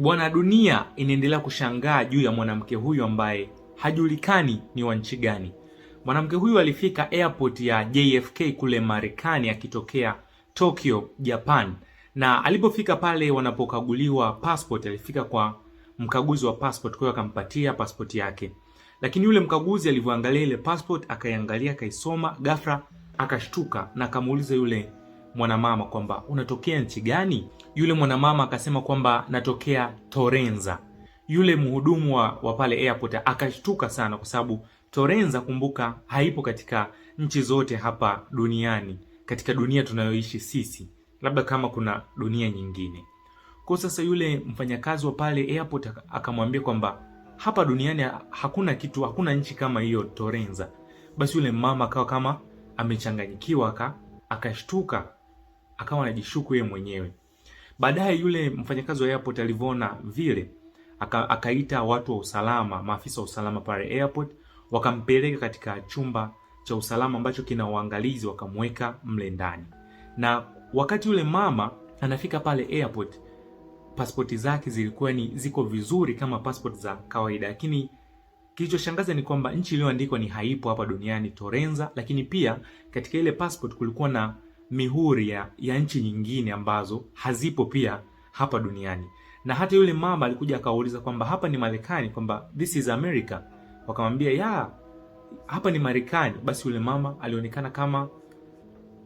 Bwana, dunia inaendelea kushangaa juu ya mwanamke huyu ambaye hajulikani ni wa nchi gani. Mwanamke huyu alifika airport ya JFK kule Marekani akitokea Tokyo, Japan, na alipofika pale wanapokaguliwa passport, alifika kwa mkaguzi wa passport, kwa hiyo akampatia passport yake, lakini yule mkaguzi alivyoangalia ile passport, akaiangalia, akaisoma, ghafla akashtuka na akamuuliza yule mwanamama kwamba unatokea nchi gani? Yule mwanamama akasema kwamba natokea Torenza. Yule mhudumu wa, wa pale airport akashtuka sana, kwa sababu Torenza, kumbuka, haipo katika nchi zote hapa duniani, katika dunia tunayoishi sisi, labda kama kuna dunia nyingine. Kwa sasa yule mfanyakazi wa pale airport akamwambia kwamba hapa duniani hakuna kitu, hakuna nchi kama hiyo Torenza. Basi yule mama akawa kama amechanganyikiwa, aka akashtuka akawa anajishuku yeye mwenyewe. Baadaye yule mfanyakazi wa airport alivyoona vile aka, akaita watu wa usalama, maafisa wa usalama pale airport, wakampeleka katika chumba cha usalama ambacho kina uangalizi, wakamweka mle ndani. Na wakati yule mama anafika pale airport, pasipoti zake zilikuwa ni ziko vizuri kama pasipoti za kawaida, lakini kilichoshangaza ni kwamba nchi iliyoandikwa ni haipo hapa duniani Torenza, lakini pia katika ile passport kulikuwa na mihuri ya, ya nchi nyingine ambazo hazipo pia hapa duniani. Na hata yule mama alikuja akauliza kwamba hapa ni Marekani, kwamba this is America, wakamwambia ya hapa ni Marekani. Basi yule mama alionekana kama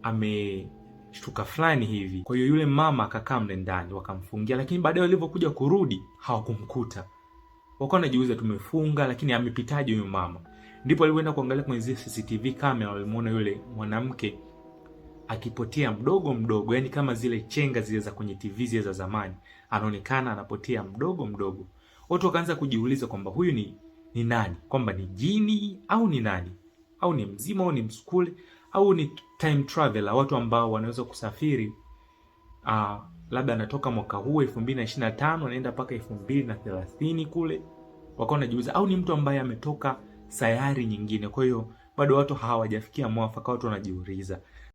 ameshtuka fulani hivi, kwa hiyo yule mama akakaa mle ndani wakamfungia, lakini baadaye walivyokuja kurudi hawakumkuta, wakawa wanajiuliza tumefunga, lakini amepitaje huyu mama? Ndipo alipoenda kuangalia kwenye CCTV kamera, walimuona yule mwanamke akipotea mdogo mdogo, yani kama zile chenga zile za kwenye TV zile za zamani, anaonekana anapotea mdogo mdogo. Watu wakaanza kujiuliza kwamba huyu ni ni nani, kwamba ni jini au ni nani, au ni mzima au ni msukule au ni time traveler, watu ambao wanaweza kusafiri uh, labda anatoka mwaka huu 2025 anaenda mpaka 2030 kule. Wakawa wanajiuliza au ni mtu ambaye ametoka sayari nyingine. Kwa hiyo bado watu hawajafikia mwafaka, watu wanajiuliza.